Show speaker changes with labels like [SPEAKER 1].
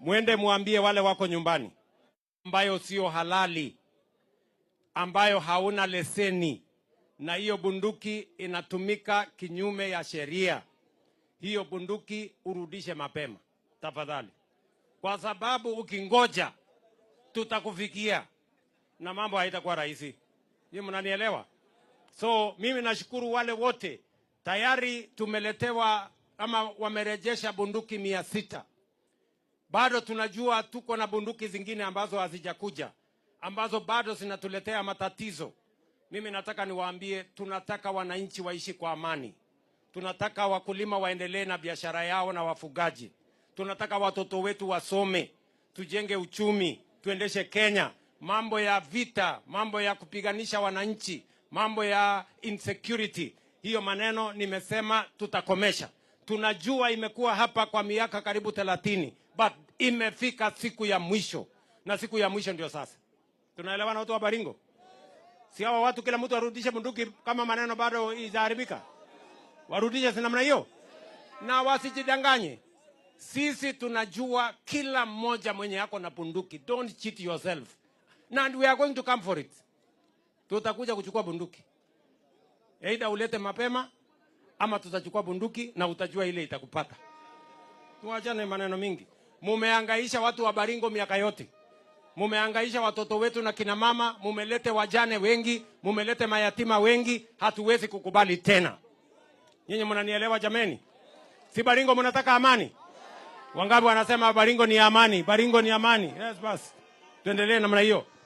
[SPEAKER 1] mwende mwambie wale wako nyumbani, ambayo sio halali, ambayo hauna leseni, na hiyo bunduki inatumika kinyume ya sheria, hiyo bunduki urudishe mapema tafadhali, kwa sababu ukingoja tutakufikia na mambo haitakuwa rahisi. Ni mnanielewa? So mimi nashukuru wale wote tayari tumeletewa ama wamerejesha bunduki mia sita. Bado tunajua tuko na bunduki zingine ambazo hazijakuja, ambazo bado zinatuletea matatizo. Mimi nataka niwaambie, tunataka wananchi waishi kwa amani, tunataka wakulima waendelee na biashara yao na wafugaji, tunataka watoto wetu wasome, tujenge uchumi, tuendeshe Kenya. Mambo ya vita, mambo ya kupiganisha wananchi, mambo ya insecurity, hiyo maneno nimesema tutakomesha. Tunajua imekuwa hapa kwa miaka karibu thelathini but imefika siku ya mwisho, na siku ya mwisho ndio sasa. Tunaelewana watu wa Baringo? Si hawa watu kila mtu arudishe bunduki, kama maneno bado izaharibika, warudishe si namna hiyo, na wasijidanganye. Sisi tunajua kila mmoja mwenye yako na bunduki, don't cheat yourself, and we are going to come for it. Tutakuja kuchukua bunduki, aidha ulete mapema ama tutachukua bunduki na utajua ile itakupata. Tuachane maneno mingi mumeangaisha watu wa Baringo miaka yote, mumeangaisha watoto wetu na kina mama, mumelete wajane wengi, mumelete mayatima wengi. Hatuwezi kukubali tena. Nyinyi mnanielewa jameni? Si Baringo mnataka amani? Wangapi wanasema Baringo ni amani? Baringo ni amani. Yes, basi tuendelee namna hiyo.